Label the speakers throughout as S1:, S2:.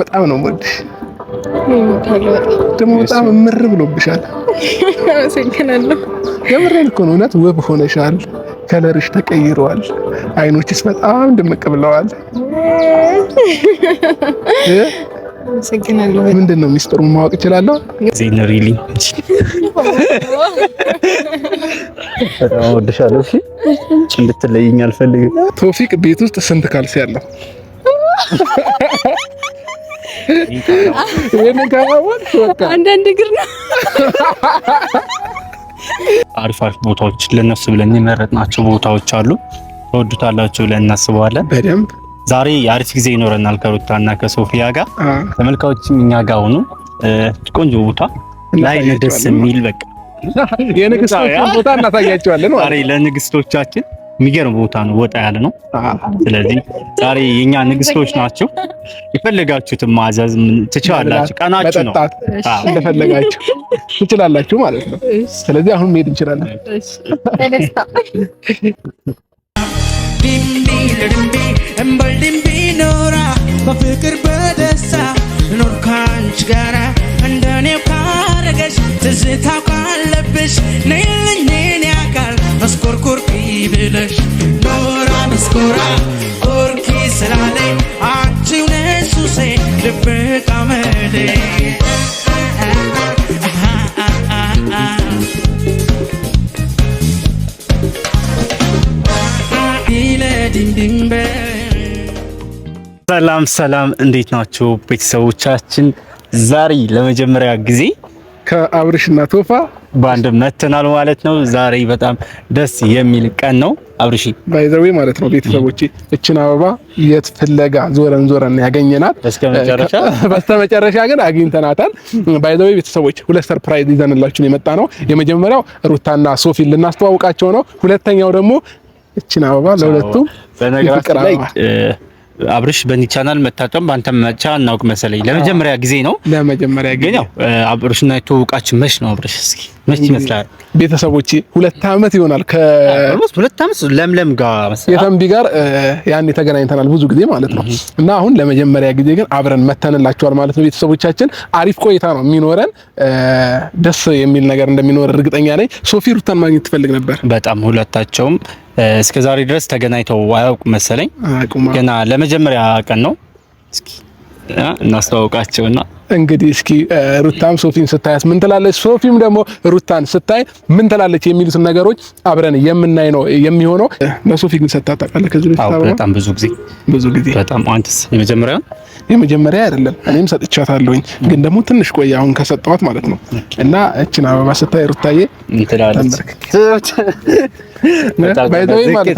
S1: በጣም ነው የምወድሽ። ደግሞ በጣም እምር ብሎብሻል። አመሰግናለሁ። የምሬን እኮ ነው። እውነት ውብ ሆነሻል። ከለርሽ ተቀይሯል። አይኖችስ በጣም ድምቅ ብለዋል። አመሰግናለሁ። ምንድን ነው ሚስጥሩን ማወቅ እችላለሁ?
S2: ዜና ሪሊ በጣም ወድሻለሁ። እሺ እንድትለይኝ አልፈልግም።
S1: ቶፊቅ ቤት ውስጥ ስንት ካልሲ አለው? ይህንን ከማወቅ
S3: አንዳንድ እግር ነው።
S2: አሪፍ አሪፍ ቦታዎች ለነሱ ብለን የመረጥናቸው ቦታዎች አሉ። ተወዱታላችሁ ብለን እናስበዋለን። በደንብ ዛሬ አሪፍ ጊዜ ይኖረናል እና ከሶፊያ ጋር። ተመልካዮችም እኛ ጋር ሆኑ። ቆንጆ ቦታ ላይ ደስ የሚል በቃ
S1: የንግስቶችን ቦታ እናሳያቸዋለን።
S2: ለንግስቶቻችን የሚገርም ቦታ ነው፣ ወጣ ያለ ነው። ስለዚህ ዛሬ የኛ ንግስቶች ናቸው። የፈለጋችሁትን ማዘዝ ትችላላችሁ።
S1: ቀናችሁ ነው፣ እንደፈለጋችሁ ትችላላችሁ ማለት ነው። ስለዚህ አሁን መሄድ እንችላለን። ኖራ በፍቅር በደስታ ኖር ካንች ጋራ እንደኔ ካረገሽ ትዝታ ካለብሽ ነይልኝ ያካል መስኮርኮር ብለሽ
S2: ኖራ መስኮራ ኦርኪ ስላለ አንቺው ነሱሴ ሱሴ ድብቅ ሰላም ሰላም፣ እንዴት ናችሁ ቤተሰቦቻችን? ዛሬ ለመጀመሪያ ጊዜ
S1: ከአብርሽና ቶፋ
S2: በአንድ መተናል ማለት ነው። ዛሬ በጣም ደስ የሚል ቀን ነው። አብርሺ
S1: ባይዘዌ ማለት ነው። ቤተሰቦቼ እችን አበባ የት ፍለጋ ዞረን ዞረን ያገኘናት፣ በስተመጨረሻ ግን አግኝተናታል። ባይዘዌ ቤተሰቦች ሁለት ሰርፕራይዝ ይዘንላችሁ የመጣ ነው። የመጀመሪያው ሩታና ሶፊ ልናስተዋውቃቸው ነው። ሁለተኛው ደግሞ እችን አበባ ለሁለቱም በነገራችን ላይ
S2: አብርሽ በኒ ቻናል መታጠም ባንተም መቻ እናውቅ መሰለኝ ለመጀመሪያ ጊዜ ነው።
S1: ለመጀመሪያ ጊዜ ነው።
S2: አብርሽ እና የተዋወቃችሁ መች ነው? አብርሽ እስኪ መች
S1: ይመስላል? ቤተሰቦቼ ሁለት አመት ይሆናል ከ
S2: አብርሽ ሁለት አመት ለምለም ጋር
S1: መሰለኝ የተንቢ ጋር ያኔ ተገናኝተናል ብዙ ጊዜ ማለት ነው። እና አሁን ለመጀመሪያ ጊዜ ግን አብረን መተንላችኋል ማለት ነው። ቤተሰቦቻችን አሪፍ ቆይታ ነው የሚኖረን። ደስ የሚል ነገር እንደሚኖር እርግጠኛ ነኝ። ሶፊ ሩታን ማግኘት ትፈልግ ነበር
S2: በጣም ሁለታቸውም እስከ ዛሬ ድረስ ተገናኝተው አያውቁ መሰለኝ። ገና ለመጀመሪያ ቀን ነው። እስኪ እናስተዋውቃቸውና
S1: እንግዲህ እስኪ ሩታም ሶፊን ስታያት ምን ትላለች፣ ሶፊም ደግሞ ሩታን ስታይ ምን ትላለች የሚሉትን ነገሮች አብረን የምናይ ነው የሚሆነው። ለሶፊ ግን ሰጥታ ታውቃለህ? ከዚህ
S2: በጣም ብዙ ጊዜ ብዙ ጊዜ በጣም አንተስ የመጀመሪያ
S1: የመጀመሪያ አይደለም፣ እኔም ሰጥቻታለሁኝ፣ ግን ደግሞ ትንሽ ቆይ፣ አሁን ከሰጠዋት ማለት ነው። እና እችን አበባ ስታይ ሩታዬ
S2: ትላለች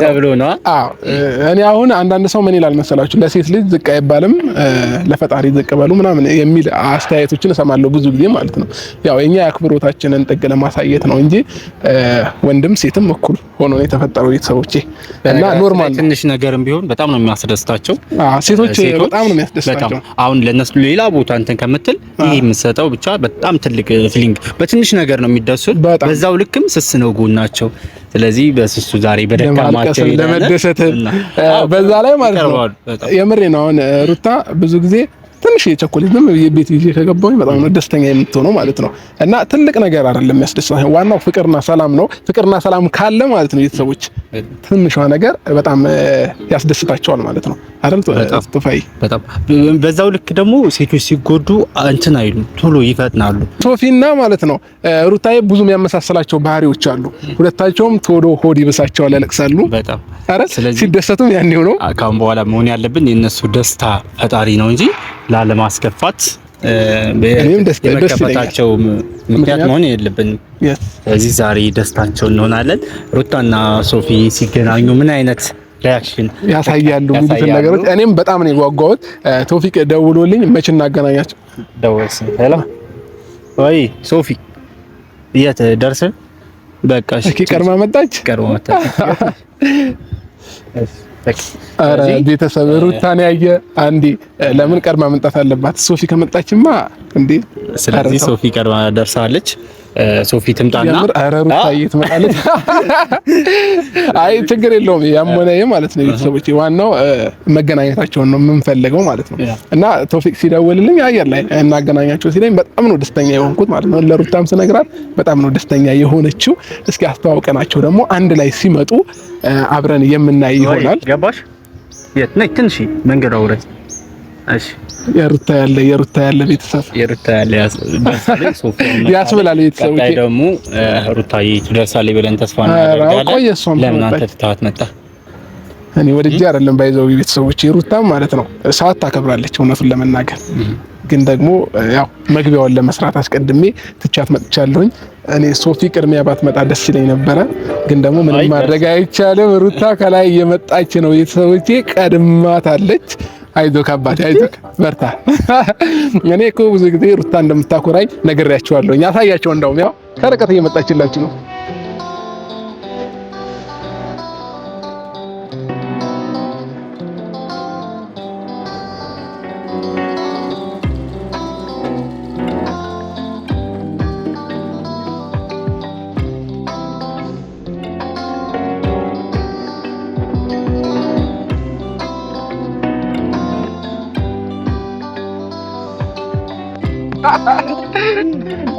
S2: ተብሎ ነው።
S1: እኔ አሁን አንዳንድ ሰው ምን ይላል መሰላችሁ፣ ለሴት ልጅ ዝቅ አይባልም ለፈጣሪ ዝቅ በሉ ምናምን የሚል አስተያየቶችን እሰማለሁ ብዙ ጊዜ ማለት ነው። ያው የኛ የአክብሮታችንን ጥግ ለማሳየት ነው እንጂ ወንድም ሴትም እኩል ሆኖ ነው የተፈጠረው ቤተሰቦቼ
S2: እና ኖርማል ትንሽ ነገርም ቢሆን በጣም ነው የሚያስደስታቸው
S1: ሴቶች፣ በጣም ነው የሚያስደስታቸው።
S2: አሁን ለነሱ ሌላ ቦታ እንትን ከምትል ይሄ የምትሰጠው ብቻ በጣም ትልቅ ፊሊንግ በትንሽ ነገር ነው የሚደሱት። በዛው ልክም ስስ ነው ጎናቸው። ስለዚህ በስሱ ዛሬ በደካማቸው
S1: ለመደሰት በዛ ላይ ማለት ነው። የምሬ ነው። አሁን ሩታ ብዙ ጊዜ ትንሽ የቸኮሌት ዝም ብዬ ቤት ይዤ ከገባሁኝ በጣም ነው ደስተኛ የምትሆነው ማለት ነው። እና ትልቅ ነገር አይደለም የሚያስደስት ዋናው ፍቅርና ሰላም ነው። ፍቅርና ሰላም ካለ ማለት ነው ቤተሰቦች ትንሿ ነገር በጣም ያስደስታቸዋል ማለት ነው አይደል? ጥፋይ
S2: በጣም በዛው ልክ ደግሞ ሴቶች ሲጎዱ እንትን አይሉ ቶሎ ይፈጥናሉ።
S1: ሶፊና ማለት ነው ሩታዬ ብዙ የሚያመሳሰላቸው ባህሪዎች አሉ። ሁለታቸውም ቶሎ ሆድ ይብሳቸዋል፣ ያለቅሳሉ። በጣም ሲደሰቱም ያኔው ነው።
S2: ካሁን በኋላ መሆን ያለብን የእነሱ ደስታ ፈጣሪ ነው እንጂ ላለማስከፋት የመከፈታቸው ምክንያት መሆን የለብንም። ስለዚህ ዛሬ ደስታቸው እንሆናለን። ሩታና ሶፊ ሲገናኙ ምን አይነት ሪያክሽን
S1: ያሳያሉ የሚሉትን ነገሮች እኔም በጣም ነው የጓጓሁት። ቶፊቅ ደውሎልኝ መች እናገናኛቸው
S2: ደወልስ ሄላ ወይ ሶፊ የት ደርሰን በቃ እሺ፣ ቀርማ መጣች
S1: ቀርማ መጣች። ቤተሰብ ሩታን ያየ አንዴ ለምን ቀድማ መምጣት አለባት? ሶፊ ከመጣችማ እንዴ።
S2: ስለዚህ ሶፊ ቀድማ ደርሳለች። ሶፊ ትምጣና
S1: አይ ችግር የለውም። ያም ሆነ ይህ ማለት ነው ቤተሰቦች ዋናው መገናኘታቸውን ነው የምንፈልገው ማለት ነው። እና ቶፊቅ ሲደውልልኝ አየር ላይ እናገናኛቸው ሲለኝ በጣም ነው ደስተኛ የሆንኩት ማለት ነው። ለሩታም ስነግራት በጣም ነው ደስተኛ የሆነችው። እስኪ አስተዋውቀናቸው ደግሞ አንድ ላይ ሲመጡ አብረን የምናይ ይሆናል።
S2: ገባሽ? የት ነች? ትንሽ መንገድ አውረት
S1: እሺ የሩታ ያለ የሩታ ያለ ቤተሰብ የሩታ ያለ ያስብላል። ቤተሰብ
S2: ደግሞ ሩታዬ ትደርሳለች ብለን ተስፋ
S1: እናደርጋለን።
S2: ለምን አንተ ትተዋት መጣ?
S1: እኔ ወድጄ አይደለም ባይዘው ቤተሰቦች ሩታ ማለት ነው ሰዓት ታከብራለች። እውነቱን ለመናገር ግን ደግሞ ያው መግቢያውን ለመስራት አስቀድሜ ትቻት መጥቻለሁኝ። እኔ ሶፊ ቅድሚያ ባትመጣ ደስ ይለኝ ነበረ፣ ግን ደግሞ ምንም ማድረግ አይቻልም። ሩታ ከላይ እየመጣች ነው። ቤተሰቦቼ ቀድማታለች። አይዞህ አባቴ አይዞህ በርታ። እኔ እኮ ብዙ ጊዜ ሩታ እንደምታኮራኝ ነግሬያቸዋለሁ። ያሳያቸው እንደውም ያው ከርቀት እየመጣችላችሁ ነው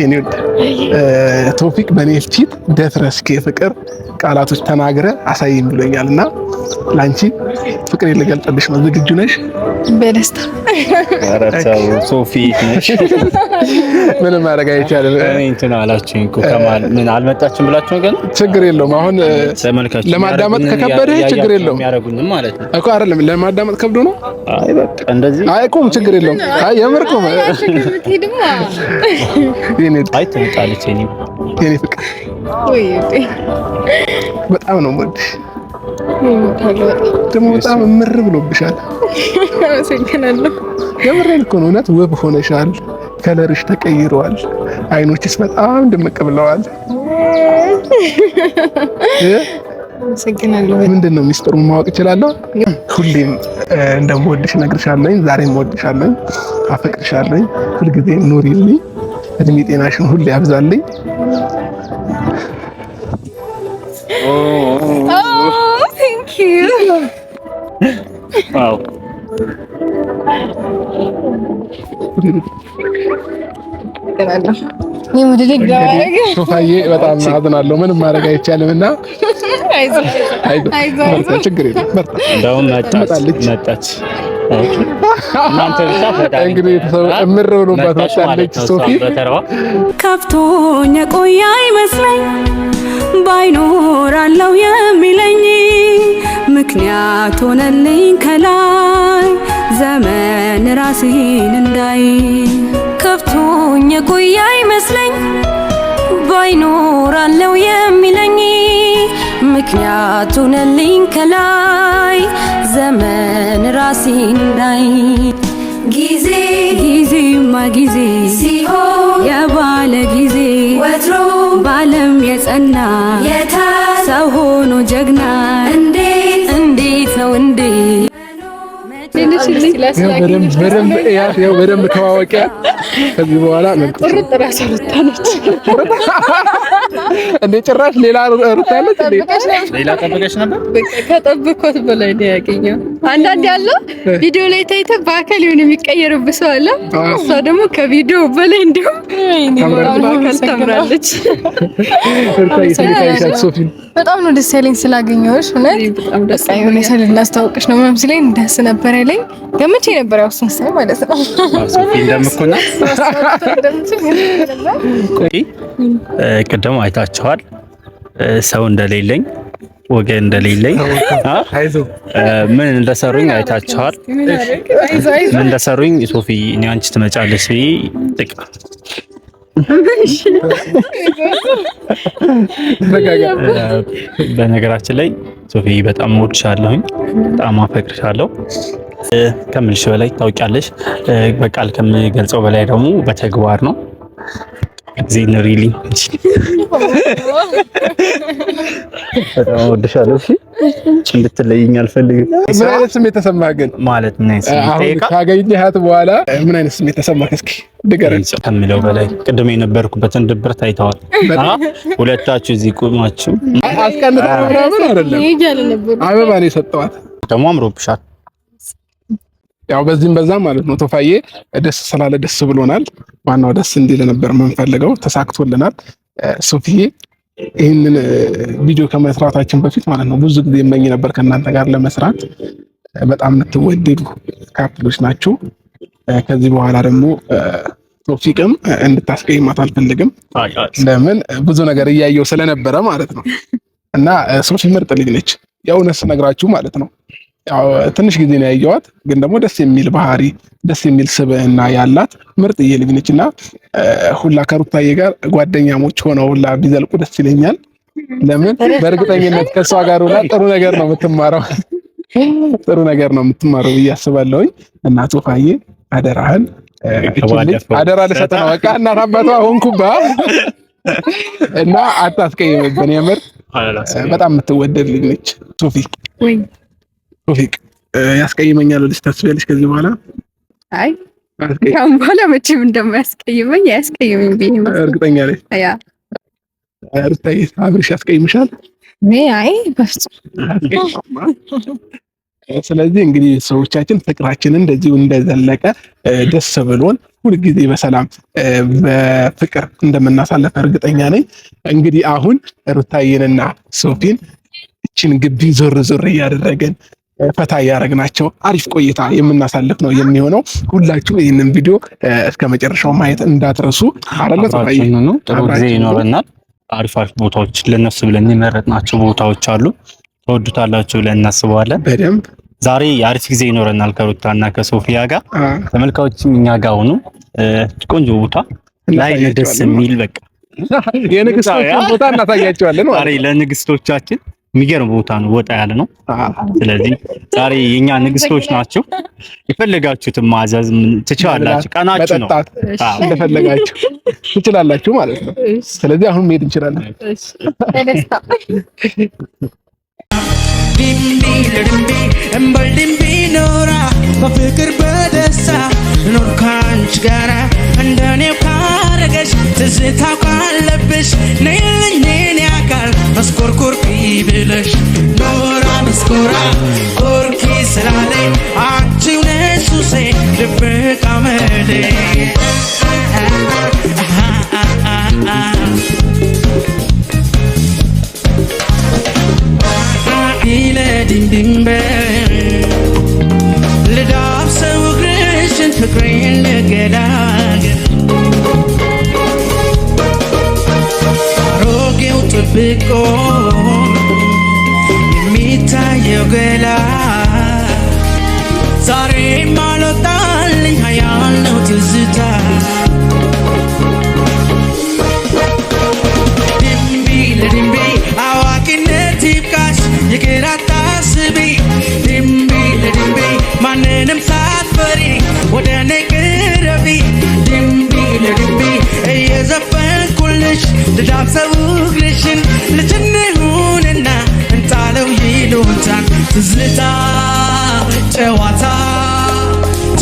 S1: የኔ ቶፒክ በኔ ፊት ደፍረስክ ፍቅር ቃላቶች ተናግረ አሳይኝ ብሎኛል እና ለአንቺ ፍቅር ልገልጽልሽ ነው። ዝግጁ ነሽ?
S3: በደስታ
S2: ሶፊ ነሽ?
S1: ምንም ማድረግ አይቻልም።
S2: እንትን አላችሁኝ እኮ ከማን ምን ብላችሁ
S1: ችግር የለውም። አሁን ለማዳመጥ ከከበደ ችግር የለውም እኮ አይደለም። ለማዳመጥ ከብዶ ነው። አይ በቃ እንደዚህ አይ ቁም፣ ችግር የለውም። አይ የምር ቁም።
S2: አይ ትመጣለች
S1: ፍቅር በጣም ነው የምወድሽ። ደግሞ በጣም ምር ብሎብሻል። አመሰግናለሁ። የምሬን እኮ ነው። እውነት ውብ ሆነሻል። ከለርሽ ተቀይረዋል። አይኖችስ በጣም ድምቅ ብለዋል። ምንድን ነው ሚስጥሩን ማወቅ እችላለሁ? ሁሌም እንደምወድሽ እነግርሻለኝ። ዛሬም እወድሻለኝ፣ አፈቅርሻለኝ። ሁልጊዜ ኑሪልኝ። እድሜ ጤናሽን ሁሌ ያብዛልኝ።
S3: Oh, oh thank you. Wow.
S1: ሶፋዬ በጣም አዝናለሁ። ምንም ማድረግ አይቻልም እና ችግር የለም።
S2: መጣች መጣች
S1: እንግዲህ እምር ብሎባት አለች ሶፊ ከፍቶኝ የቆየ አይመስለኝ ባይኖራለው የሚለኝ ምክንያት ሆነልኝ ከላይ ዘመን ራሴን እንዳይ ከፍቶኝ ቆየ አይመስለኝ ባይኖራለው የሚለኝ ምክንያቱ ነልኝ ከላይ ዘመን ራሴ እንዳይ ጊዜ ጊዜማ ጊዜ ሲሆን የባለ ጊዜ ወትሮ ባለም የጸና የታ ሰው ሆኖ ጀግና እንዴት እንዴት ነው እንዴት በደንብ ተዋወቂያ። ከዚህ በኋላ ቁርጥ
S3: ሩታ ነች
S1: እንዴ! ጭራሽ ሌላ ሩታ ነች እንዴ!
S2: ሌላ ጠብቀሽ ነበር?
S3: ከጠብቅኩት በላይ ነው ያገኘው። አንዳንድ ያለው ቪዲዮ ላይ ታይተ በአካል የሆነ የሚቀየርብህ ሰው አለ። እሷ ደግሞ ከቪዲዮ በላይ እንዲሁም ታምራለች። በጣም ነው ደስ ያለኝ ስላገኘሁሽ። እውነት በቃ የሆነ ሰው ልናስታውቅሽ ነው ምናምን ሲለኝ ደስ ገምቼ ነበር። ያው እሱን ሳይ ማለት ነው እንደምኩና
S2: ቅድም አይታችኋል ሰው እንደሌለኝ ወገን እንደሌለኝ ምን እንደሰሩኝ አይታችኋል። ምን እንደሰሩኝ ሶፊ እኔ አንቺ ትመጫለሽ ብዬ ጥቃ በነገራችን ላይ ሶፊ በጣም እወድሻለሁኝ፣ በጣም አፈቅርሻለሁ ከምልሽ በላይ ታውቂያለሽ። በቃል ከምገልጸው በላይ ደግሞ በተግባር ነው። ዜና ሪሊ በጣም ወድሻለሁ። እሺ እንድትለይኝ አልፈልግም።
S1: ምን አይነት ስሜት ተሰማህ ግን?
S2: ማለት ምን አይነት ስሜት
S1: ካገኘሃት በኋላ ምን አይነት ስሜት ተሰማህ? እስኪ
S2: ንገረኝ። ከምለው በላይ ቅድም የነበርኩበትን ድብርት አይተዋል። ሁለታችሁ እዚህ ቁማችሁ
S1: አስቀንታ ምናምን አይደለም፣ አበባ ነው የሰጠኋት።
S2: ደግሞ አምሮብሻል
S1: ያው በዚህም በዛ ማለት ነው ቶፋዬ ደስ ስላለ ደስ ብሎናል። ዋናው ደስ እንዲል ነበር የምንፈልገው፣ ተሳክቶልናል። ሶፊዬ ይህንን ቪዲዮ ከመስራታችን በፊት ማለት ነው ብዙ ጊዜ የመኝ ነበር ከእናንተ ጋር ለመስራት በጣም የምትወደዱ ካፕሎች ናችሁ። ከዚህ በኋላ ደግሞ ቶፊቅም እንድታስቀይማት አልፈልግም። ለምን ብዙ ነገር እያየው ስለነበረ ማለት ነው። እና ሶፊ ምርጥ ልጅ ነች፣ የእውነት ስነግራችሁ ማለት ነው ትንሽ ጊዜ ነው ያየዋት፣ ግን ደግሞ ደስ የሚል ባህሪ ደስ የሚል ስብዕና ያላት ምርጥዬ ልጅ ነች እና ሁላ ከሩታዬ ጋር ጓደኛሞች ሆነው ሁላ ቢዘልቁ ደስ ይለኛል። ለምን በእርግጠኝነት ከእሷ ጋር ሁላ ጥሩ ነገር ነው የምትማረው፣ ጥሩ ነገር ነው የምትማረው ብዬ አስባለሁኝ። እና ቶፋዬ አደራህን አደራ ልሰጥ ነው በቃ እናት አባቷ ሆንኩባ እና አታስቀይምብን። የምር በጣም የምትወደድ ልጅ ነች ቶፊ ቶፊቅ ያስቀይመኛል ወደች ታስቢያለሽ? ከዚህ በኋላ
S3: አይ ካሁን በኋላ መቼም እንደማያስቀይመኝ አያስቀይመኝ ብዬ
S1: እርግጠኛ ነኝ። አብርሽ ያስቀይምሻል? አይ ስለዚህ እንግዲህ ሰዎቻችን ፍቅራችን እንደዚሁ እንደዘለቀ ደስ ብሎን ሁልጊዜ በሰላም በፍቅር እንደምናሳለፈ እርግጠኛ ነኝ። እንግዲህ አሁን ሩታዬንና ሶፊን እችን ግቢ ዞር ዞር እያደረገን ፈታ እያደረግናቸው አሪፍ ቆይታ የምናሳልፍ ነው የሚሆነው። ሁላችሁ ይህንን ቪዲዮ እስከ መጨረሻው ማየት እንዳትረሱ።
S2: ጥሩ ጊዜ ይኖረናል። አሪፍ አሪፍ ቦታዎች ለነሱ ብለን የመረጥናቸው ቦታዎች አሉ። ተወዱታላችሁ ብለን እናስበዋለን። በደንብ ዛሬ አሪፍ ጊዜ ይኖረናል ከሩታ እና ከሶፊያ ጋር። ተመልካዮችም እኛ ጋር ሆኑ። ቆንጆ ቦታ ላይ ደስ የሚል በቃ
S1: የንግስቶችን ቦታ እናሳያቸዋለን።
S2: ለንግስቶቻችን የሚገርም ቦታ ነው፣ ወጣ ያለ ነው። ስለዚህ ዛሬ የኛ ንግስቶች ናቸው። የፈለጋችሁትን ማዘዝ ትችላላችሁ። ቀናችሁ ነው፣
S1: እንደፈለጋችሁ ትችላላችሁ ማለት ነው። ስለዚህ አሁን መሄድ እንችላለን። ኖራ በፍቅር በደስታ ኖር ጋራ እንደኔ ያረገሽ ትዝታ ኳለብሽ ነይልኝን ያካል መስኮርኮርኪ ብለሽ ኖራ መስኮራ ኮርኪ ስላለኝ አንቺው ነሽ ሱሴ ድብቅ አመሌ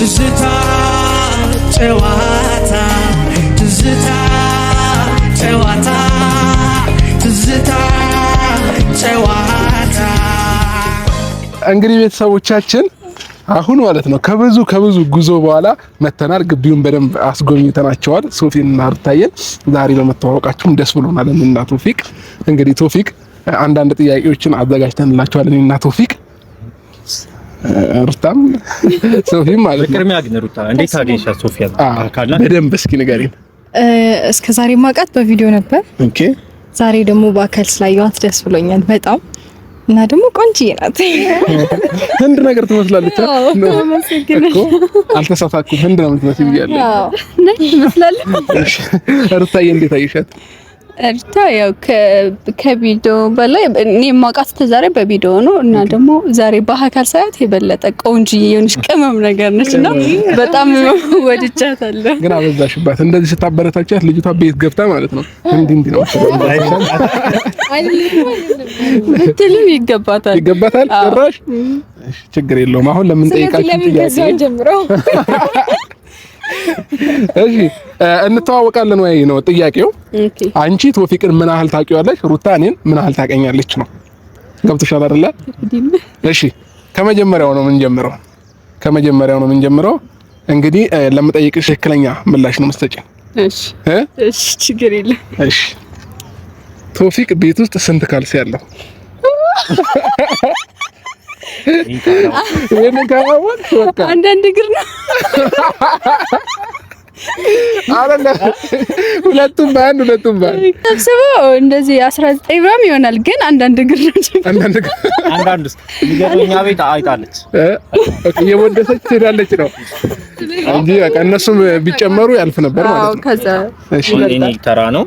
S1: ትዝታ ጨዋታ ትዝታ ጨዋታ ትዝታ ጨዋታ እንግዲህ ቤተሰቦቻችን አሁን ማለት ነው ከብዙ ከብዙ ጉዞ በኋላ መተናል። ግቢውን በደንብ አስጎብኝተናቸዋል። ሶፊንና ሩታየን ዛሬ በመተዋወቃቸውም ደስ ብሎናል። እና ቶፊቅ እንግዲህ ቶፊቅ አንዳንድ ጥያቄዎችን አዘጋጅተንላቸዋል እና ቶፊቅ እርታም
S2: ሶፊም ማለት ነው። ቅድሚያ ግን ሩታ እንዴት አገኘሻት? ሶፊያ
S1: ታውቃለህ በደንብ እስኪ ንገሪኝ።
S3: እስከ ዛሬ ማውቃት በቪዲዮ ነበር። ኦኬ ዛሬ ደግሞ በአካል ስላየኋት ደስ ብሎኛል በጣም እና ደግሞ ቆንጆዬ ናት።
S1: ህንድ ነገር ትመስላለች እኮ አልተሳሳኩም። ህንድ ነው የምትመስል ብያለሁ። አዎ ነኝ ትመስላለች። ሩታዬ እንዴት አየሻት?
S3: እርታ ያው ከቪዲዮ በላይ እኔ የማውቃት ተዛሬ በቪዲዮ ነው እና ደግሞ ዛሬ በአካል ሳያት የበለጠ ቆንጆዬ የሆነች ቅመም ነገር ነች እና በጣም ወድጃታለሁ።
S1: ግን አበዛሽባት። እንደዚህ ስታበረታቻት ልጅቷ ቤት ገብታ ማለት ነው እንዲህ እንዲህ ነው
S3: ብትልም ይገባታል፣
S1: ይገባታል። ጭራሽ ችግር የለውም። አሁን ለምን
S3: ጠይቃችሁ? ጀምረው
S1: እሺ እንተዋወቃለን ወይ ነው ጥያቄው። አንቺ ቶፊቅን ምን ያህል ታውቂዋለሽ? ሩታ እኔን ምን ያህል ታውቀኛለች ነው። ገብቶሻል አይደለ? እሺ ከመጀመሪያው ነው የምንጀምረው። ከመጀመሪያው ነው የምንጀምረው። እንግዲህ ለምጠይቅሽ ትክክለኛ ምላሽ ነው የምትሰጪው።
S3: እሺ እሺ፣ ችግር የለም። እሺ
S1: ቶፊቅ ቤት ውስጥ ስንት ካልሲ አለው?
S3: በቃ አንዳንድ እግር ነው
S1: አረና ሁለቱም በአንድ ሁለቱም በአንድ
S3: እንደዚህ 19 ይሆናል። ግን አንዳንድ እግር አንዳንድ
S2: አንዳንድ ቤት አይጣለች
S1: እየወደሰች ትሄዳለች ነው እንጂ በቃ እነሱም ቢጨመሩ ያልፍ ነበር ማለት ነው። ከዛ
S2: እሺ፣ ተራ ነው።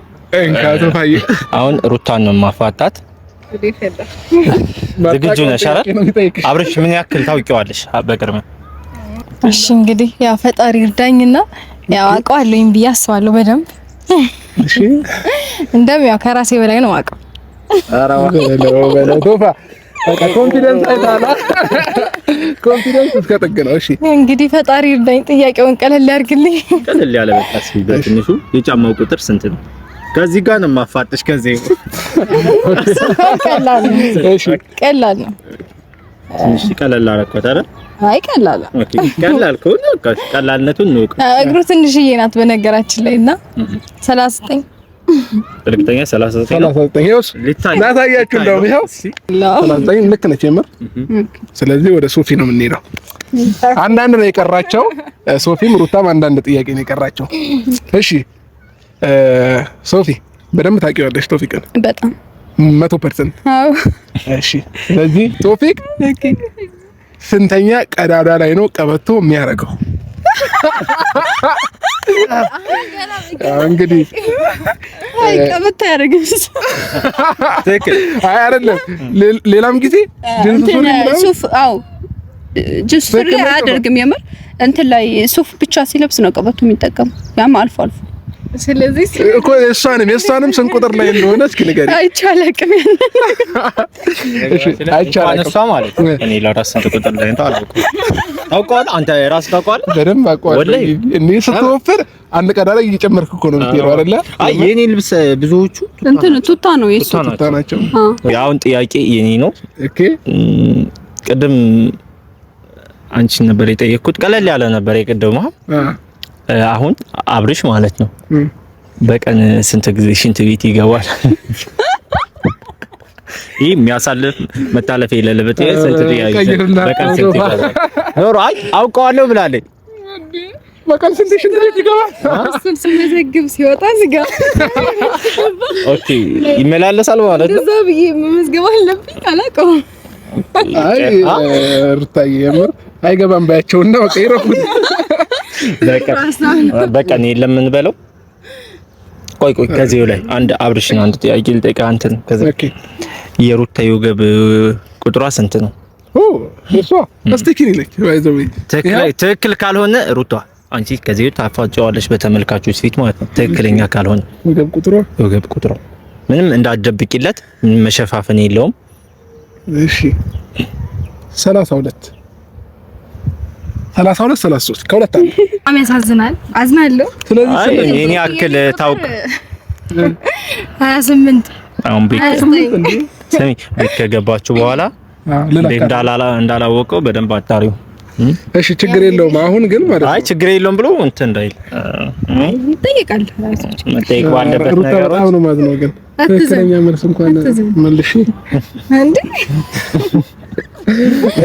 S2: አሁን ሩታን ዝግጁ ነሽ? አብረሽ ምን ያክል ታውቂዋለሽ? በቅርብ
S3: እሺ። እንግዲህ ያው ፈጣሪ እርዳኝና ያው አውቀዋለሁኝ ብዬ አስባለሁ በደንብ እሺ። እንደም ያው ከራሴ በላይ ነው አውቀው
S1: ኮንፊደንስ እስከ ጥግ ነው። እሺ
S3: እንግዲህ ፈጣሪ እርዳኝ። ጥያቄውን ቀለል ያድርግልኝ።
S2: ቀለል ያለ በቃ በትንሹ የጫማው ቁጥር ስንት ነው? ከዚህ ጋር ነው ማፋጠሽ። ከዚህ
S3: ቀላል ነው። እሺ ቀላል ነው።
S2: እሺ ቀላል አደረኳት አይደል? አይ ቀላል ኦኬ። ቀላል ከሆነ በቃ ቀላልነቱን ነው።
S3: እግሩ ትንሽዬ ናት በነገራችን ላይ እና 39
S2: እርግጠኛ 39
S1: ላሳያችሁ። እንደውም ይኸው 39 ልክ ነች የምር። ስለዚህ ወደ ሶፊ ነው የምንሄደው። አንዳንድ ነው የቀራቸው። ሶፊም ሩታም አንዳንድ ጥያቄ ነው የቀራቸው። እሺ ሶፊ በደንብ ታውቂዋለሽ ቶፊቅን በጣም መቶ ፐርሰንት። እሺ፣ ስለዚህ ቶፊቅ ስንተኛ ቀዳዳ ላይ ነው ቀበቶ የሚያደርገው? እንግዲህ
S3: ቀበቶ ያደርግም።
S1: አይ አይደለም፣ ሌላም ጊዜ
S3: ሱፍ። አዎ ሱሪ አያደርግም። የምር እንትን ላይ ሱፍ ብቻ ሲለብስ ነው ቀበቶ የሚጠቀሙ። ያም አልፎ አልፎ ስለዚህ
S1: እኮ እሷንም የእሷንም ስንት ቁጥር ላይ እንደሆነ እስኪ ንገሪኝ።
S2: አይቼ አላውቅም። እሷ ማለት እኔ ለራስ ላይ አንተ
S1: እኔ ስትወፍር አንድ ቀዳ ላይ እየጨመርክ እኮ ነው የምትሄደው አይደለ?
S2: አይ የኔ ልብስ ብዙዎቹ
S3: እንትን ቱታ ነው የሱ ቱታ ናቸው።
S2: አሁን ጥያቄ የኔ ነው። ኦኬ ቅድም አንቺን ነበር የጠየቅኩት። ቀለል ያለ ነበር የቅድም አሁን አብርሽ ማለት ነው በቀን ስንት ጊዜ ሽንት ቤት ይገባል? ይህ የሚያሳልፍ መታለፍ የሌለበት ስንት ጥያቄ በቀን ስንት ይገባል? ኖሮ አይ አውቀዋለሁ ብላለች።
S3: በቀን ስንት ሽንት ቤት ይገባል? እሱን ስመዘግብ ሲወጣ ዝጋ።
S2: ኦኬ ይመላለሳል ማለት
S3: ነው። እዛ ብዬ መመዝገብ አለብኝ። አላውቀውም።
S1: አይ ሩታዬ የምር አይገባም ባያቸውና በቃ ይረፉት
S2: በቃ እኔ የለም እንበለው። ቆይ ቆይ ከዚህ ላይ አንድ አብርሽን አንድ ጥያቄ ልጠይቅህ። አንተን ከዚህ የሩታ የወገብ ቁጥሯ ስንት ነው? ትክክል ካልሆነ ሩታ አንቺ ከዚህ ታፋጫዋለሽ በተመልካቾች ፊት ማለት ነው። ትክክለኛ ካልሆነ
S1: ወገብ ቁጥሯ ወገብ ቁጥሯ
S2: ምንም እንዳትደብቂለት፣ መሸፋፈን የለውም
S1: እሺ። ሰላሳ ሁለት ሰላሳ ሁለት ሰላሳ ሦስት ከሁለት አንድ
S3: በጣም ያሳዝናል። አዝናለሁ።
S2: ስለዚህ እኔ አክል ታውቅ
S3: ሀያ ስምንት አሁን
S2: ቤት ከገባችሁ በኋላ እንዳላላ እንዳላወቀው በደንብ አጣሪው።
S1: እሺ ችግር የለውም። አሁን ግን ማለት
S2: አይ ችግር የለውም ብሎ እንትን እንዳይል ይጠይቃል። መጠየቅ ባለበት
S1: ነገር በጣም ነው ማለት ነው። ግን ትክክለኛ መልስ እንኳን መልሽ እንዴ!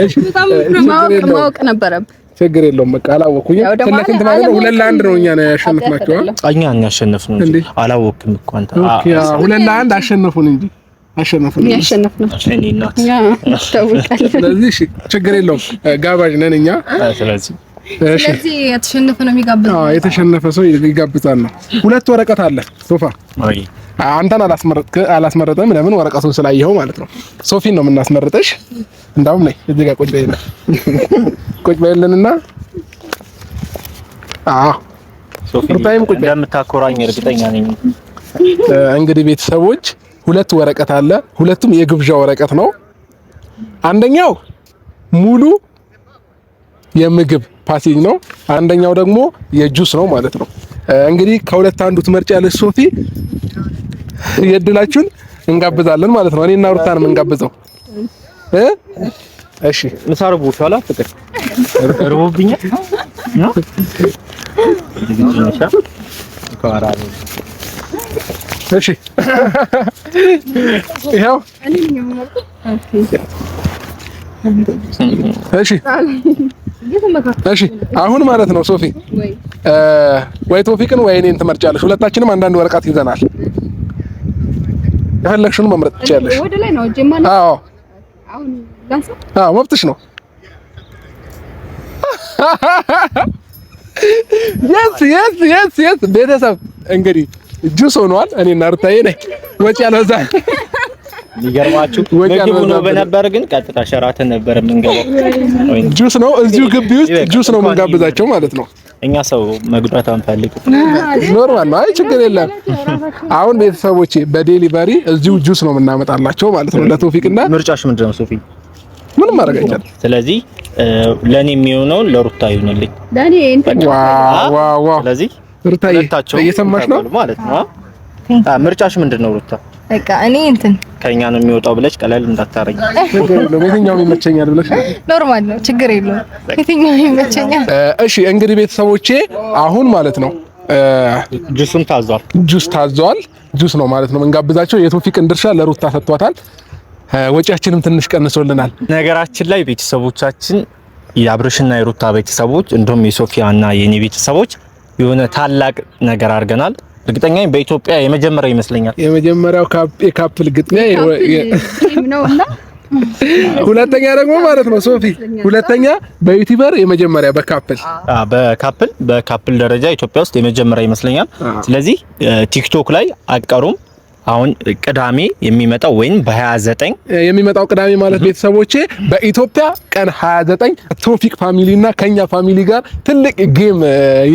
S3: እሺ በጣም ማወቅ ነበረብህ
S1: ችግር የለውም። በቃ አላወኩኝም። ትነክንት ማለት ነው። ሁለት ለአንድ ነው እኛ ነው ያሸነፍናቸው።
S2: እኛ ነው ያሸነፍነው እንጂ አላወቅም እኮ
S1: አንተ። ሁለት ለአንድ አሸነፉን እንጂ
S3: አሸነፉን ያሸነፍነው
S2: እኔ እናት
S1: እሺ፣ ችግር የለውም። ጋባዥ ነን እኛ።
S3: ስለዚህ ስለዚህ የተሸነፈ ነው የሚጋብዝ።
S1: አዎ የተሸነፈ ሰው ይጋብዛል ነው። ሁለት ወረቀት አለ ሶፋ አይ አንተን አላስመረጥክ አላስመረጠም። ለምን ወረቀቱን ስላየኸው ማለት ነው። ሶፊን ነው የምናስመርጠሽ። እንዳውም ነይ እዚህ ጋር ቁጭ በይልን፣ ቁጭ በይልንና
S2: አዎ ሶፊን እንደምታኮራኝ እርግጠኛ ነኝ።
S1: እንግዲህ ቤተሰቦች ሁለት ወረቀት አለ። ሁለቱም የግብዣ ወረቀት ነው። አንደኛው ሙሉ የምግብ ፓኬጅ ነው። አንደኛው ደግሞ የጁስ ነው ማለት ነው። እንግዲህ ከሁለት አንዱ ትመርጫለሽ ሶፊ የእድላችሁን እንጋብዛለን ማለት ነው። እኔና ሩታን የምንጋብዘው
S2: እ እሺ ምሳ ርቦሻል? ፍቅር ርቦብኛል።
S1: እሺ ይኸው እሺ እሺ አሁን ማለት ነው ሶፊ ወይ ቶፊቅን ወይ እኔን ትመርጫለሽ። ሁለታችንም አንዳንድ ወረቀት ይዘናል። የፈለግሽውን መምረጥ ትችያለሽ። አዎ አዎ መብትሽ ነው። የስ የስ የስ የስ ቤተሰብ እንግዲህ ጁስ ሆኗል። እኔና ሩታዬ ነኝ። ወጪ አልበዛ
S2: ሊገርማችሁ ምግብ ሆኖ በነበር ግን ቀጥታ ሸራተን ነበር የምንገባው።
S1: ጁስ ነው እዚሁ ግቢ ውስጥ ጁስ ነው የምንጋብዛቸው ማለት ነው።
S2: እኛ ሰው መጉዳት አንፈልግ።
S1: ኖርማል ነው። አይ ችግር የለም። አሁን ቤተሰቦቼ በዴሊቨሪ እዚሁ ጁስ ነው የምናመጣላቸው ማለት ነው
S2: ለቶፊቅ ምርጫሽ ምንድን ነው ሶፊ? ምንም ማድረግ ስለዚህ ለኔ የሚሆነውን ለሩታ ይሁንልኝ።
S3: ለኔ እንትን
S1: ስለዚህ ሩታ እየሰማሽ ነው ማለት ነው።
S2: ምርጫሽ ምንድን ነው ሩታ?
S3: በቃ እኔ እንትን
S2: ከኛ ነው የሚወጣው ብለሽ ቀላል እንዳታረጊ።
S1: የትኛው ይመቸኛል ብለሽ
S3: ኖርማል ነው፣ ችግር የለውም። የትኛው ይመቸኛል።
S1: እሺ እንግዲህ ቤተሰቦቼ አሁን ማለት ነው
S2: ጁስም ታዟል፣
S1: ጁስ ታዟል፣ ጁስ ነው ማለት ነው እንጋብዛቸው። የቶፊቅን ድርሻ ለሩታ ሰጥቷታል። ወጪያችንም ትንሽ ቀንሶልናል።
S2: ነገራችን ላይ ቤተሰቦቻችን የአብርሽና የሩታ ቤተሰቦች እንዲሁም የሶፊያና የኔ ቤተሰቦች የሆነ ታላቅ ነገር አድርገናል። እርግጠኛ በኢትዮጵያ የመጀመሪያ ይመስለኛል።
S1: የመጀመሪያው የካፕል ግጥሚያ ሁለተኛ ደግሞ ማለት ነው ሶፊ፣ ሁለተኛ በዩቲበር የመጀመሪያ በካፕል
S2: በካፕል በካፕል ደረጃ ኢትዮጵያ ውስጥ የመጀመሪያ ይመስለኛል። ስለዚህ ቲክቶክ ላይ አቀሩም አሁን ቅዳሜ የሚመጣው ወይም በ29
S1: የሚመጣው ቅዳሜ ማለት ቤተሰቦቼ በኢትዮጵያ ቀን 29 ቶፊቅ ፋሚሊ እና ከኛ ፋሚሊ ጋር ትልቅ ጌም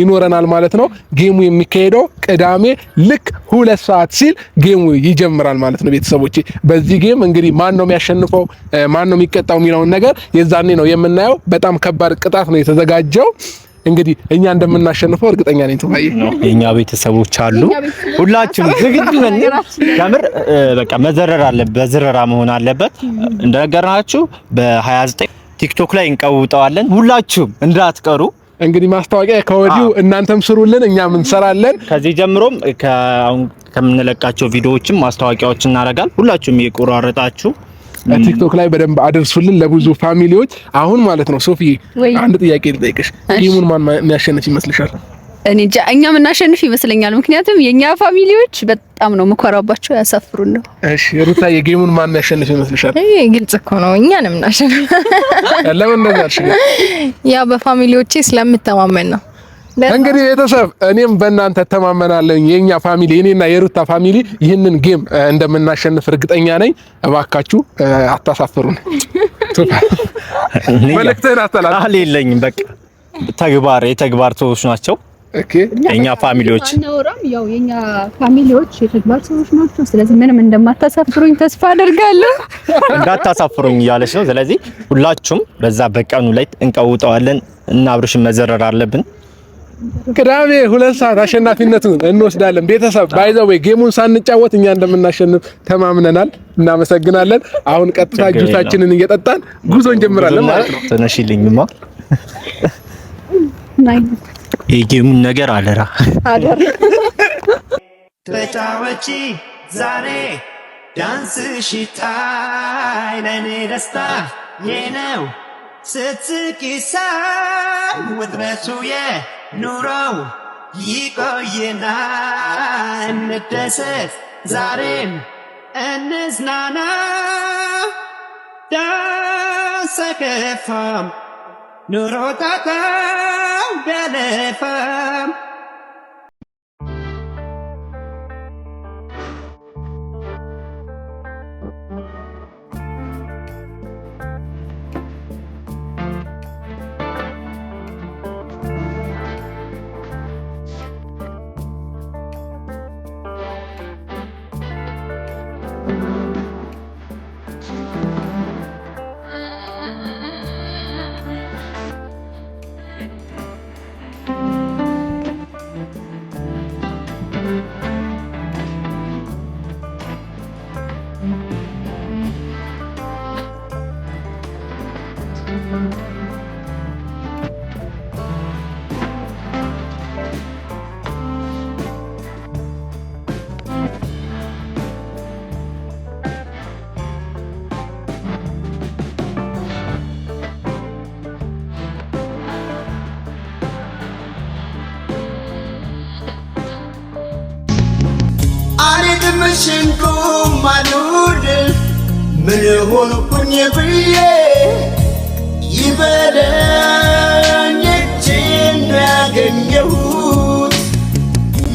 S1: ይኖረናል ማለት ነው። ጌሙ የሚካሄደው ቅዳሜ ልክ ሁለት ሰዓት ሲል ጌሙ ይጀምራል ማለት ነው ቤተሰቦቼ። በዚህ ጌም እንግዲህ ማን ነው የሚያሸንፈው ማን ነው የሚቀጣው የሚለውን ነገር የዛኔ ነው የምናየው። በጣም ከባድ ቅጣት ነው የተዘጋጀው። እንግዲህ እኛ እንደምናሸንፈው እርግጠኛ ነኝ። ተባየ የኛ ቤተሰቦች አሉ። ሁላችንም ዝግጁ ነን። ከምር በቃ መዘረር አለ በዝረራ መሆን አለበት። እንደነገርናችሁ በ29 ቲክቶክ ላይ እንቀውጠዋለን። ሁላችሁም እንዳትቀሩ። እንግዲህ ማስታወቂያ ከወዲሁ እናንተም ስሩልን፣ እኛም እንሰራለን።
S2: ከዚህ ጀምሮም ከምንለቃቸው ቪዲዮዎችም ማስታወቂያዎች እናደርጋለን። ሁላችሁም እየቆራረጣችሁ
S1: ቲክቶክ ላይ በደንብ አድርሱልን ለብዙ ፋሚሊዎች። አሁን ማለት ነው ሶፊ አንድ ጥያቄ ልጠይቅሽ፣ ቲሙን ማን የሚያሸንፍ ይመስልሻል?
S3: እኔ እንጃ፣ እኛ የምናሸንፍ ይመስለኛል። ምክንያቱም የኛ ፋሚሊዎች በጣም ነው የምኮራባቸው፣ ያሳፍሩን ነው።
S1: እሺ ሩታ፣ የጌሙን ማን ያሸንፍ ይመስልሻል?
S3: ግልጽ እኮ ነው፣ እኛ ነን የምናሸንፍ። ለምን እንደዛ? ያ በፋሚሊዎቼ ስለምተማመን ነው።
S1: እንግዲህ ቤተሰብ እኔም በእናንተ ተማመናለኝ። የኛ ፋሚሊ እኔና የሩታ ፋሚሊ ይህንን ጌም እንደምናሸንፍ እርግጠኛ ነኝ። እባካችሁ አታሳፍሩን። መልእክትህን አስተላልፍ። አለ የለኝም በቃ
S2: ተግባር የተግባር ሰዎች ናቸው የኛ ፋሚሊዎች
S3: ያው የኛ ፋሚሊዎች የተግባር ሰዎች ናቸው። ስለዚህ ምንም እንደማታሳፍሩኝ ተስፋ አደርጋለሁ።
S2: እንዳታሳፍሩኝ እያለች ነው። ስለዚህ ሁላችሁም በዛ በቀኑ ላይ እንቀውጠዋለን እና አብርሽን መዘረር አለብን።
S1: ቅዳሜ ሁለት ሰዓት አሸናፊነቱን እንወስዳለን። ቤተሰብ ባይ ዘ ወይ ጌሙን ሳንጫወት እኛ እንደምናሸንፍ ተማምነናል። እናመሰግናለን። አሁን ቀጥታ ጁሳችንን እየጠጣን ጉዞ እንጀምራለን ማለት ነው።
S2: ተነሽልኝማ የጌሙን ነገር አለራ
S3: ተጫወቺ ዛሬ ዳንስ ሽታይ ለኔ ደስታ የነው ስትኪሳይ ውድረቱ የ ኑሮው ይቆየና እንደሰት ዛሬም እንዝናና ዳሰከፋም ኑሮ ታጣው ደለፋም ሆንኩኝ ብዬ ይበለኝ እጅን ያገኘሁት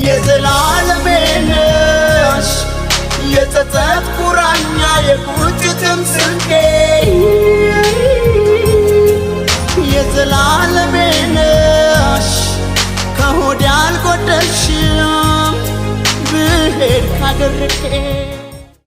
S3: የዘላለሜ ነሽ የጸጸት ቁራኛ የቁጭትም ስንዴ የዘላለሜ ነሽ ከሆድ አልጎደልሽም ብሄድ ካደረቄ